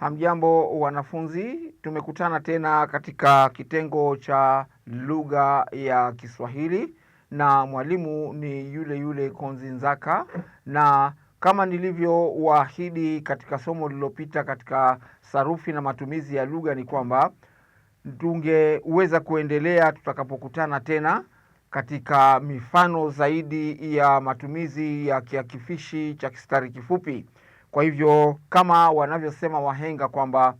Hamjambo wanafunzi, tumekutana tena katika kitengo cha lugha ya Kiswahili na mwalimu ni yule yule Konzi Nzaka, na kama nilivyowaahidi katika somo lililopita katika sarufi na matumizi ya lugha ni kwamba tungeweza kuendelea tutakapokutana tena katika mifano zaidi ya matumizi ya kiakifishi cha kistari kifupi. Kwa hivyo kama wanavyosema wahenga kwamba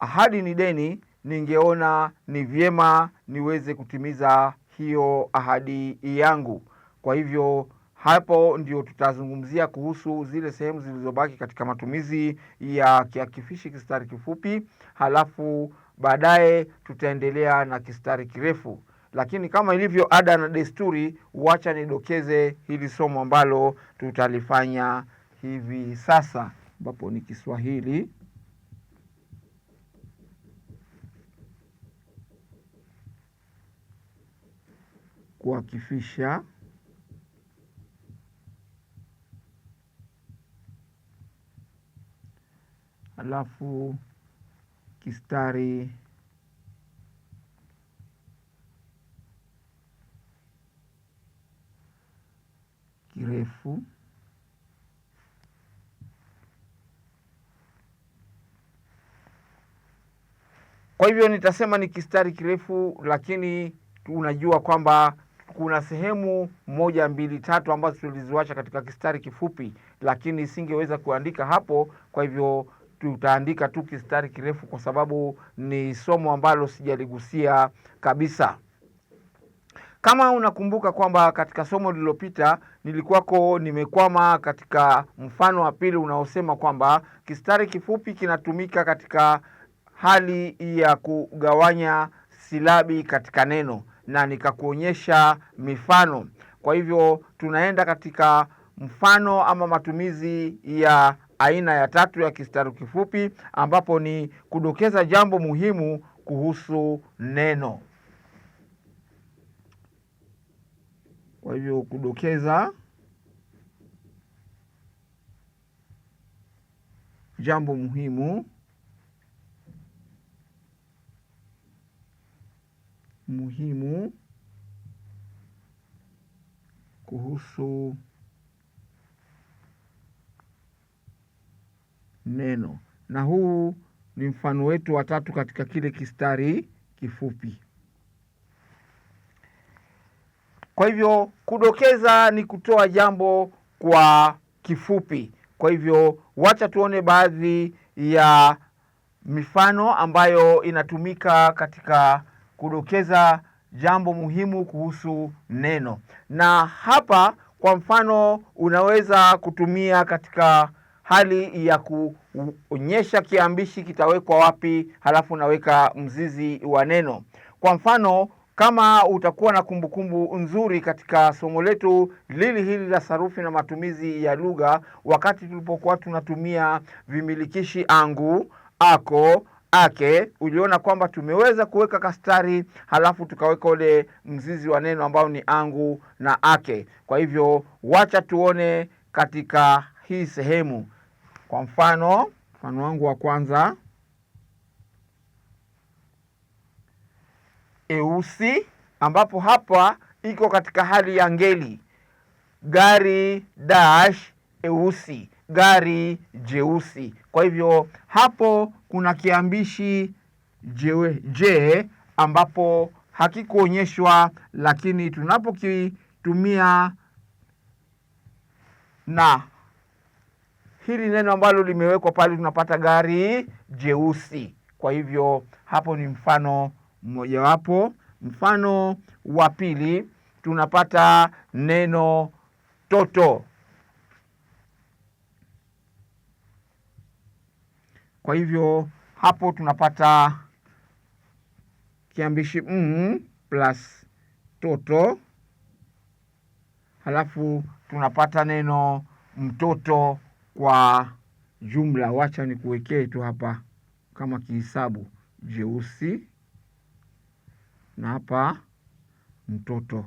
ahadi ni deni, ningeona ni vyema niweze kutimiza hiyo ahadi yangu. Kwa hivyo hapo ndio tutazungumzia kuhusu zile sehemu zilizobaki katika matumizi ya kiakifishi kistari kifupi, halafu baadaye tutaendelea na kistari kirefu lakini kama ilivyo ada na desturi, wacha nidokeze hili somo ambalo tutalifanya hivi sasa, ambapo ni Kiswahili kuakifisha alafu kistari kirefu kwa hivyo nitasema ni kistari kirefu, lakini unajua kwamba kuna sehemu moja mbili tatu ambazo tuliziwacha katika kistari kifupi, lakini singeweza kuandika hapo. Kwa hivyo tutaandika tu kistari kirefu, kwa sababu ni somo ambalo sijaligusia kabisa. Kama unakumbuka kwamba katika somo lililopita nilikuwako nimekwama katika mfano wa pili unaosema kwamba kistari kifupi kinatumika katika hali ya kugawanya silabi katika neno na nikakuonyesha mifano. Kwa hivyo tunaenda katika mfano ama matumizi ya aina ya tatu ya kistari kifupi ambapo ni kudokeza jambo muhimu kuhusu neno. Kwa hivyo kudokeza jambo muhimu muhimu kuhusu neno. Na huu ni mfano wetu wa tatu katika kile kistari kifupi. Kwa hivyo kudokeza ni kutoa jambo kwa kifupi. Kwa hivyo wacha tuone baadhi ya mifano ambayo inatumika katika kudokeza jambo muhimu kuhusu neno. Na hapa kwa mfano unaweza kutumia katika hali ya kuonyesha kiambishi kitawekwa wapi, halafu unaweka mzizi wa neno. Kwa mfano kama utakuwa na kumbukumbu kumbu nzuri katika somo letu lili hili la sarufi na matumizi ya lugha, wakati tulipokuwa tunatumia vimilikishi angu, ako, ake, uliona kwamba tumeweza kuweka kastari, halafu tukaweka ule mzizi wa neno ambao ni angu na ake. Kwa hivyo wacha tuone katika hii sehemu, kwa mfano, mfano wangu wa kwanza eusi ambapo hapa iko katika hali ya ngeli. Gari dash eusi, gari jeusi. Kwa hivyo hapo kuna kiambishi jewe, je ambapo hakikuonyeshwa, lakini tunapokitumia na hili neno ambalo limewekwa pale tunapata gari jeusi. Kwa hivyo hapo ni mfano mmojawapo. Mfano wa pili tunapata neno toto. Kwa hivyo hapo tunapata kiambishi m plus toto, halafu tunapata neno mtoto kwa jumla. Wacha nikuwekee tu hapa kama kihisabu jeusi na hapa mtoto.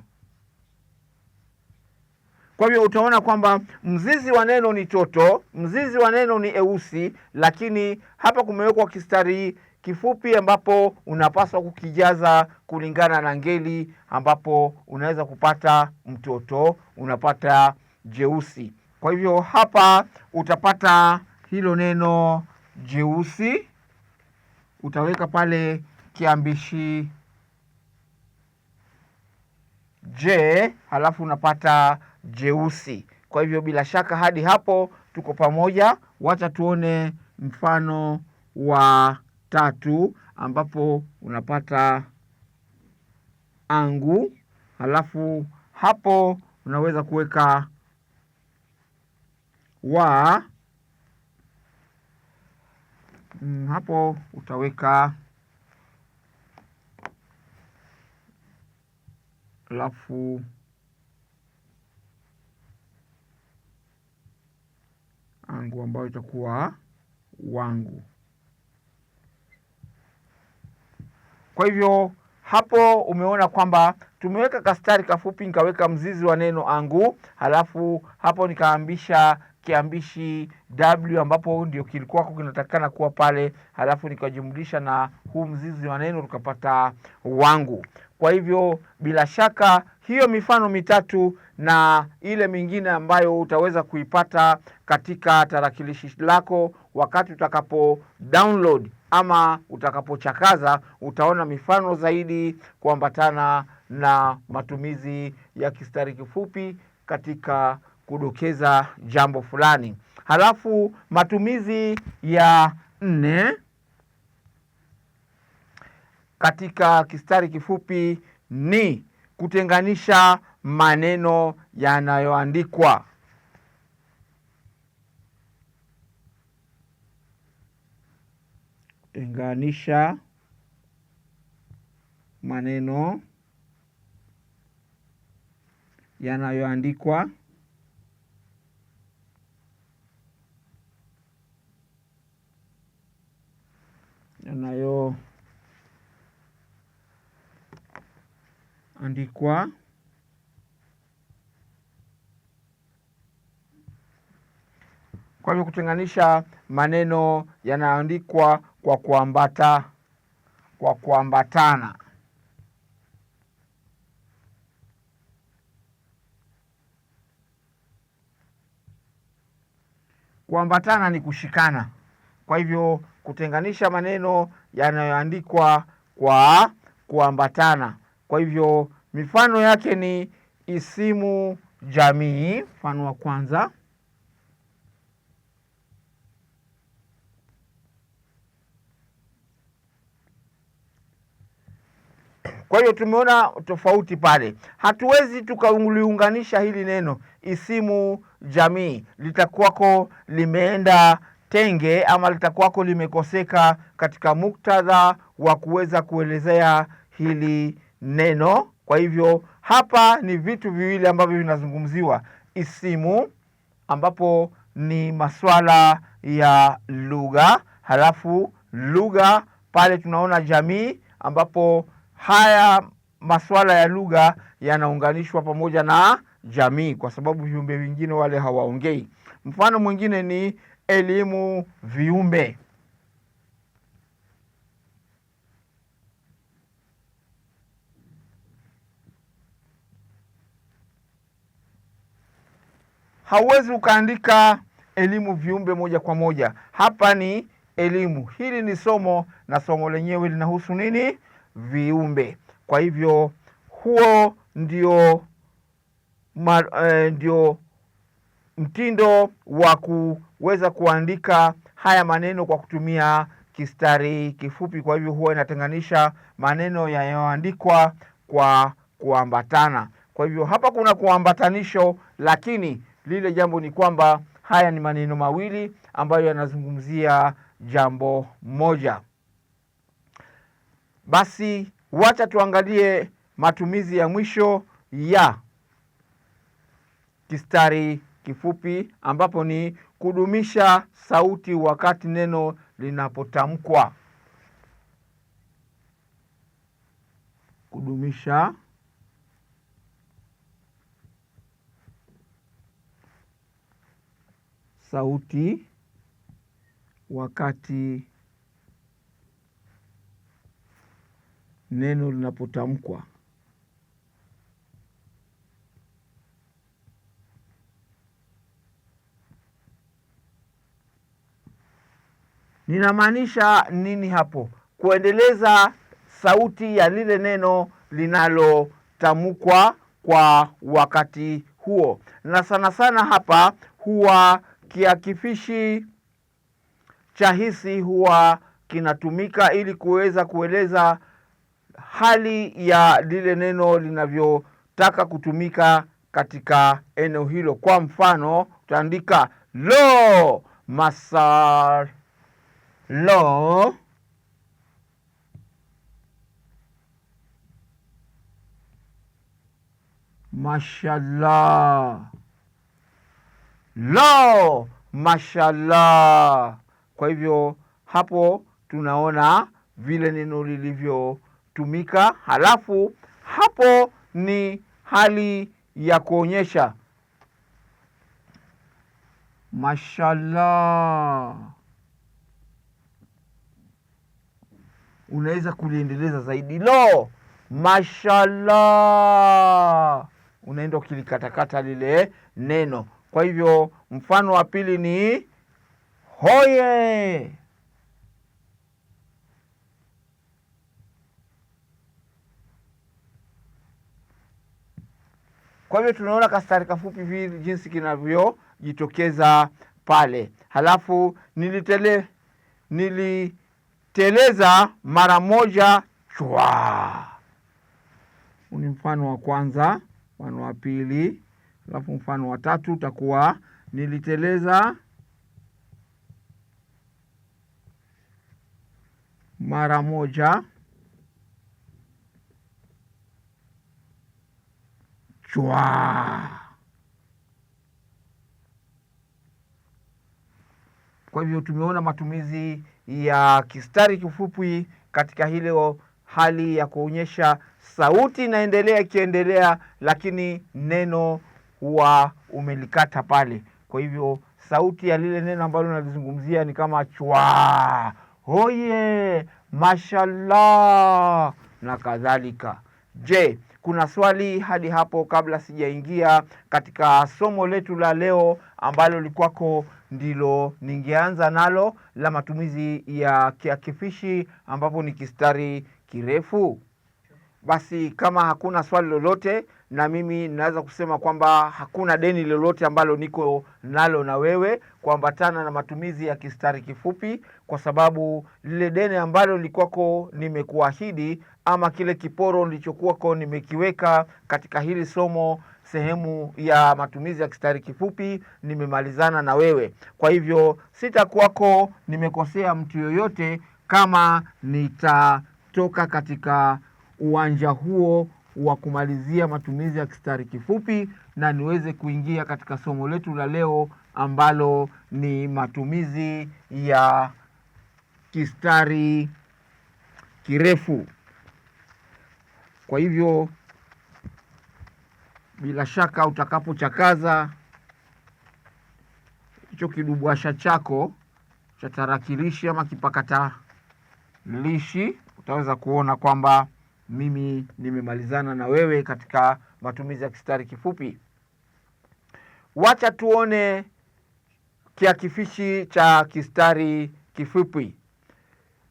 Kwa hiyo utaona kwamba mzizi wa neno ni toto, mzizi wa neno ni eusi, lakini hapa kumewekwa kistari kifupi ambapo unapaswa kukijaza kulingana na ngeli, ambapo unaweza kupata mtoto, unapata jeusi. Kwa hivyo hapa utapata hilo neno jeusi, utaweka pale kiambishi J halafu unapata jeusi. Kwa hivyo bila shaka hadi hapo tuko pamoja. Wacha tuone mfano wa tatu ambapo unapata angu, halafu hapo unaweza kuweka wa, mm, hapo utaweka alafu angu ah, ambayo itakuwa wangu. Kwa hivyo hapo umeona kwamba tumeweka kastari kafupi, nikaweka mzizi wa neno angu, halafu hapo nikaambisha kiambishi w ambapo ndio kilikuwako kinatakikana kuwa pale, halafu nikajumlisha na huu mzizi wa neno tukapata wangu. Kwa hivyo bila shaka hiyo mifano mitatu na ile mingine ambayo utaweza kuipata katika tarakilishi lako wakati utakapo download ama utakapochakaza, utaona mifano zaidi kuambatana na matumizi ya kistari kifupi katika kudokeza jambo fulani. Halafu matumizi ya nne katika kistari kifupi ni kutenganisha maneno yanayoandikwa. Tenganisha maneno yanayoandikwa yanayo andikwa kwa hivyo kutenganisha maneno yanayoandikwa kwa kuambata kwa kuambatana kuambatana ni kushikana kwa hivyo kutenganisha maneno yanayoandikwa kwa kuambatana kwa hivyo mifano yake ni isimu jamii, mfano wa kwanza. Kwa hiyo tumeona tofauti pale, hatuwezi tukaliunganisha hili neno isimu jamii, litakuwako limeenda tenge ama litakuwako limekoseka katika muktadha wa kuweza kuelezea hili neno. Kwa hivyo hapa ni vitu viwili ambavyo vinazungumziwa, isimu ambapo ni masuala ya lugha, halafu lugha pale tunaona jamii ambapo haya masuala ya lugha yanaunganishwa pamoja na jamii, kwa sababu viumbe vingine wale hawaongei. Mfano mwingine ni elimu viumbe. hauwezi ukaandika elimu viumbe moja kwa moja. Hapa ni elimu, hili ni somo na somo lenyewe linahusu nini? Viumbe. Kwa hivyo huo ndio, ma, eh, ndio mtindo wa kuweza kuandika haya maneno kwa kutumia kistari kifupi. Kwa hivyo huwa inatenganisha maneno yanayoandikwa kwa kuambatana. Kwa hivyo hapa kuna kuambatanisho, lakini lile jambo ni kwamba haya ni maneno mawili ambayo yanazungumzia jambo moja. Basi wacha tuangalie matumizi ya mwisho ya kistari kifupi ambapo ni kudumisha sauti wakati neno linapotamkwa. Kudumisha sauti wakati neno linapotamkwa. Ninamaanisha nini hapo? Kuendeleza sauti ya lile neno linalotamkwa kwa wakati huo, na sana sana hapa huwa Kiakifishi cha hisi huwa kinatumika ili kuweza kueleza hali ya lile neno linavyotaka kutumika katika eneo hilo. Kwa mfano, utaandika lo Masar, lo mashallah. Lo, mashallah. Kwa hivyo hapo tunaona vile neno lilivyotumika. Halafu hapo ni hali ya kuonyesha mashallah, unaweza kuliendeleza zaidi. Lo, mashallah, unaenda ukilikatakata lile neno. Kwa hivyo mfano wa pili ni hoye. Kwa hivyo tunaona kastari kafupi hivi jinsi kinavyojitokeza pale. Halafu nilitele niliteleza mara moja chwa. ni mfano wa kwanza, mfano wa pili alafu mfano wa tatu utakuwa niliteleza mara moja chwa. Kwa hivyo tumeona matumizi ya kistari kifupi katika hilo hali ya kuonyesha sauti inaendelea ikiendelea, lakini neno huwa umelikata pale. Kwa hivyo sauti ya lile neno ambalo nalizungumzia ni kama chwa, hoye, mashallah na kadhalika. Je, kuna swali hadi hapo kabla sijaingia katika somo letu la leo ambalo likwako ndilo ningeanza nalo la matumizi ya kiakifishi ambapo ni kistari kirefu? Basi kama hakuna swali lolote na mimi naweza kusema kwamba hakuna deni lolote ambalo niko nalo na wewe kuambatana na matumizi ya kistari kifupi, kwa sababu lile deni ambalo likwako nimekuahidi ama kile kiporo nilichokuwako nimekiweka katika hili somo sehemu ya matumizi ya kistari kifupi nimemalizana na wewe. Kwa hivyo sitakuwako nimekosea mtu yoyote kama nitatoka katika uwanja huo wa kumalizia matumizi ya kistari kifupi na niweze kuingia katika somo letu la leo ambalo ni matumizi ya kistari kirefu. Kwa hivyo, bila shaka utakapochakaza hicho kidubwasha chako cha tarakilishi ama kipakatalishi, utaweza kuona kwamba mimi nimemalizana na wewe katika matumizi ya kistari kifupi. Wacha tuone kiakifishi cha kistari kifupi.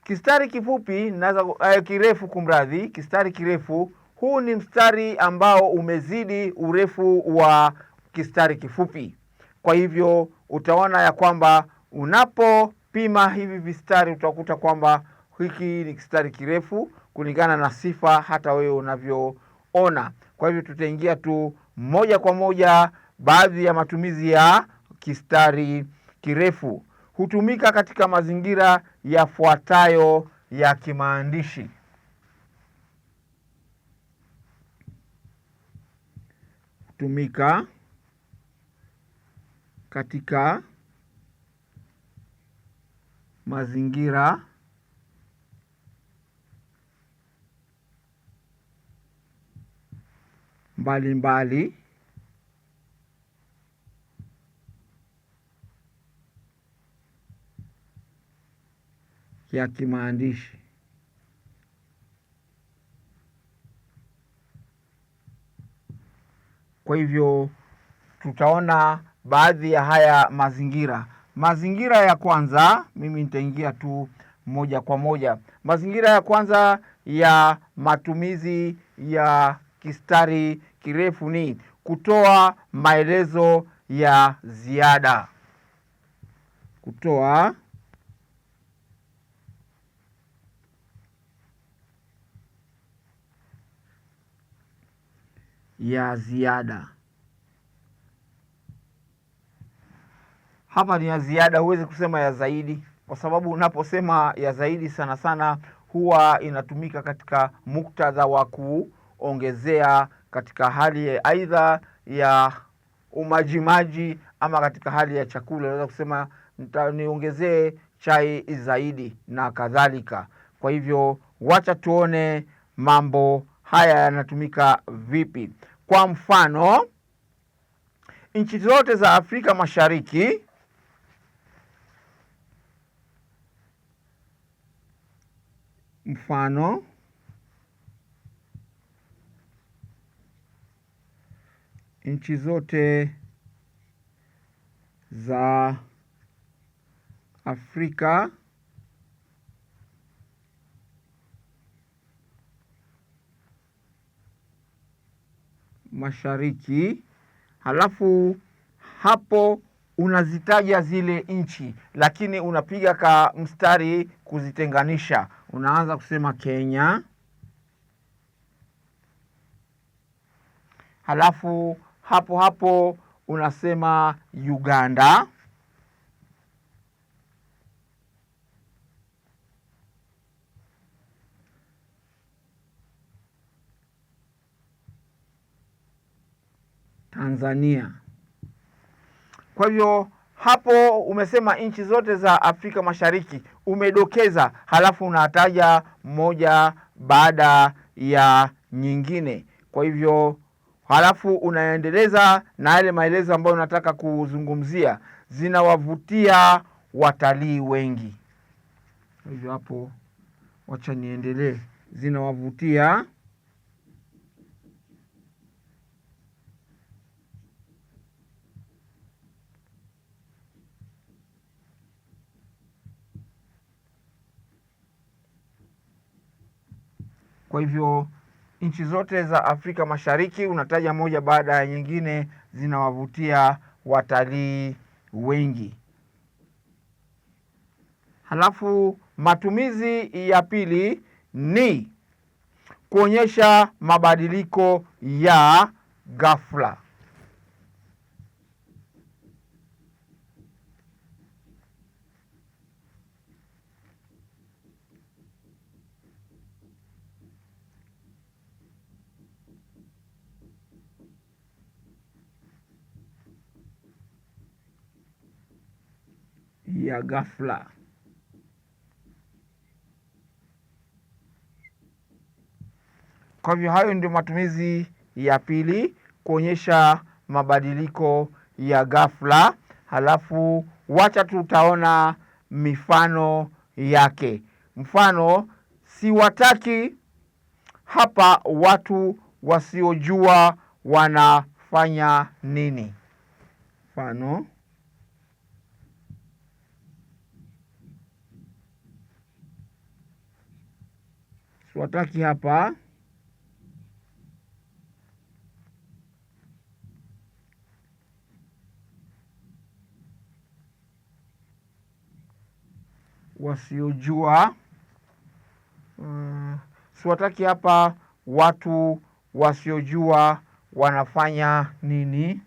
Kistari kifupi naza, eh, kirefu kumradhi, kistari kirefu. Huu ni mstari ambao umezidi urefu wa kistari kifupi. Kwa hivyo utaona ya kwamba unapopima hivi vistari utakuta kwamba hiki ni kistari kirefu kulingana na sifa hata wewe unavyoona. Kwa hivyo tutaingia tu moja kwa moja baadhi ya matumizi ya kistari kirefu. Hutumika katika mazingira yafuatayo ya kimaandishi: hutumika katika mazingira mbalimbali mbali. ya kimaandishi kwa hivyo tutaona baadhi ya haya mazingira. Mazingira ya kwanza, mimi nitaingia tu moja kwa moja. Mazingira ya kwanza ya matumizi ya kistari kirefu ni kutoa maelezo ya ziada, kutoa ya ziada. Hapa ni ya ziada, huwezi kusema ya zaidi, kwa sababu unaposema ya zaidi, sana sana huwa inatumika katika muktadha wa kuu kuongezea katika hali aidha ya umajimaji ama katika hali ya chakula, unaweza kusema niongezee chai zaidi na kadhalika. Kwa hivyo wacha tuone mambo haya yanatumika vipi. Kwa mfano, nchi zote za Afrika Mashariki mfano nchi zote za Afrika Mashariki, halafu hapo unazitaja zile nchi, lakini unapiga ka mstari kuzitenganisha. Unaanza kusema Kenya, halafu hapo hapo unasema Uganda. Tanzania. Kwa hivyo hapo umesema nchi zote za Afrika Mashariki umedokeza, halafu unataja moja baada ya nyingine. Kwa hivyo halafu unaendeleza na yale maelezo ambayo unataka kuzungumzia, zinawavutia watalii wengi. Hivyo hapo, wacha niendelee, zinawavutia kwa hivyo nchi zote za Afrika Mashariki, unataja moja baada ya nyingine, zinawavutia watalii wengi. Halafu matumizi ya pili ni kuonyesha mabadiliko ya ghafla. ya ghafla. Kwa hivyo hayo ndio matumizi ya pili, kuonyesha mabadiliko ya ghafla. Halafu wacha tutaona mifano yake. Mfano, siwataki hapa watu wasiojua wanafanya nini. Mfano, siwataki hapa wasiojua mm, siwataki hapa watu wasiojua wanafanya nini.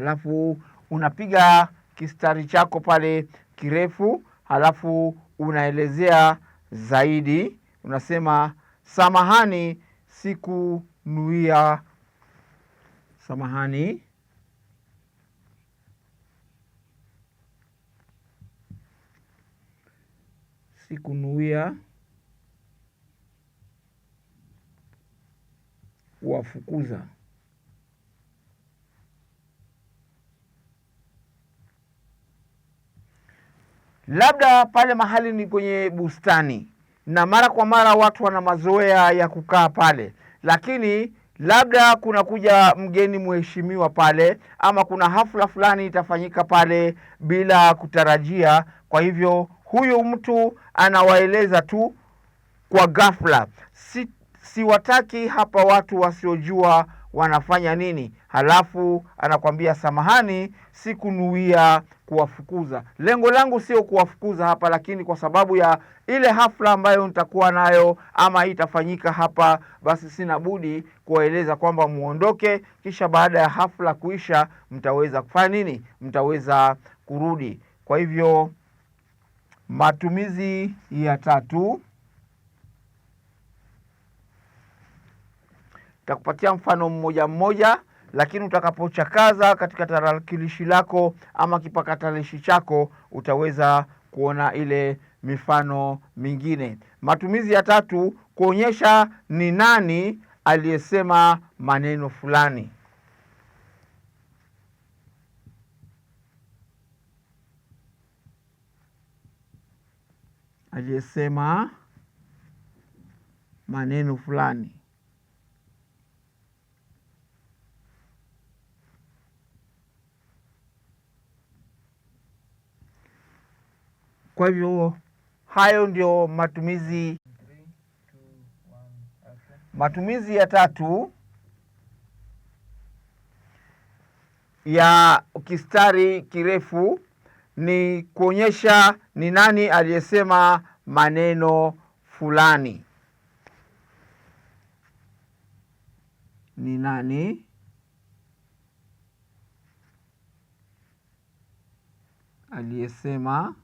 alafu unapiga kistari chako pale kirefu, halafu unaelezea zaidi, unasema samahani, sikunuia. Samahani, sikunuia kuwafukuza. labda pale mahali ni kwenye bustani, na mara kwa mara watu wana mazoea ya kukaa pale, lakini labda kunakuja mgeni mheshimiwa pale, ama kuna hafla fulani itafanyika pale bila kutarajia. Kwa hivyo huyu mtu anawaeleza tu kwa ghafla, si siwataki hapa watu wasiojua wanafanya nini. Halafu anakwambia samahani, sikunuia kuwafukuza. Lengo langu sio kuwafukuza hapa, lakini kwa sababu ya ile hafla ambayo nitakuwa nayo ama itafanyika hapa, basi sina budi kuwaeleza kwamba muondoke, kisha baada ya hafla kuisha mtaweza kufanya nini? Mtaweza kurudi. Kwa hivyo matumizi ya tatu takupatia mfano mmoja mmoja lakini utakapochakaza katika tarakilishi lako ama kipakatalishi chako utaweza kuona ile mifano mingine. Matumizi ya tatu, kuonyesha ni nani aliyesema maneno fulani. Aliyesema maneno fulani. Kwa hivyo hayo ndio matumizi. Matumizi ya tatu ya kistari kirefu ni kuonyesha ni nani aliyesema maneno fulani. Ni nani aliyesema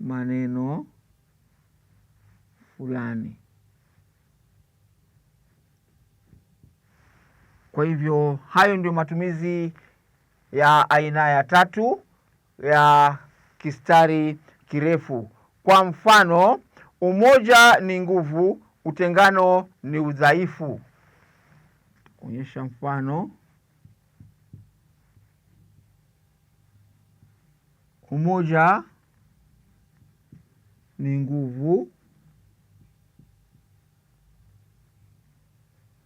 maneno fulani. Kwa hivyo hayo ndio matumizi ya aina ya tatu ya kistari kirefu. Kwa mfano, umoja ni nguvu, utengano ni udhaifu. Onyesha mfano: umoja ni nguvu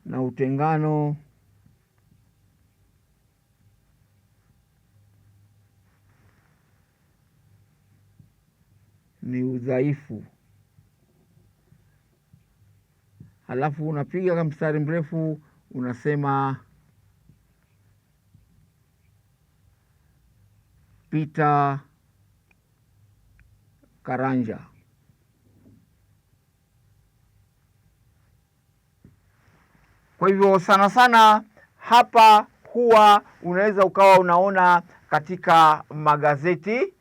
na utengano ni udhaifu. Halafu unapiga ka mstari mrefu unasema pita Karanja. Kwa hivyo sana sana hapa huwa unaweza ukawa unaona katika magazeti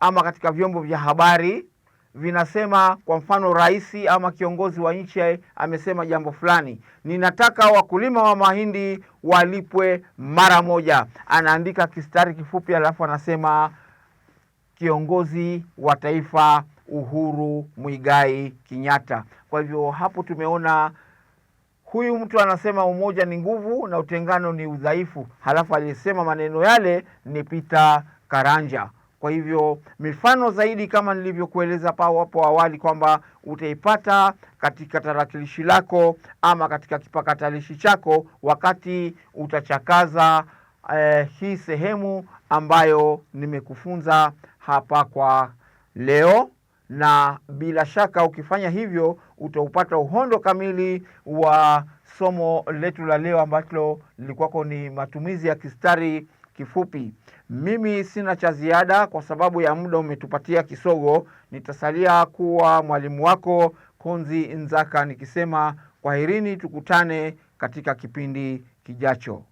ama katika vyombo vya habari vinasema, kwa mfano, rais ama kiongozi wa nchi amesema jambo fulani, ninataka wakulima wa mahindi walipwe mara moja. Anaandika kistari kifupi, alafu anasema kiongozi wa taifa Uhuru Muigai Kenyatta. Kwa hivyo hapo tumeona Huyu mtu anasema umoja ni nguvu na utengano ni udhaifu, halafu aliyesema maneno yale ni pita Karanja. Kwa hivyo mifano zaidi kama nilivyokueleza pao hapo awali kwamba utaipata katika tarakilishi lako ama katika kipakatalishi chako wakati utachakaza eh, hii sehemu ambayo nimekufunza hapa kwa leo na bila shaka ukifanya hivyo utaupata uhondo kamili wa somo letu la leo ambalo lilikuwako ni matumizi ya kistari kifupi. Mimi sina cha ziada kwa sababu ya muda umetupatia kisogo. Nitasalia kuwa mwalimu wako Konzi Nzaka nikisema kwaherini, tukutane katika kipindi kijacho.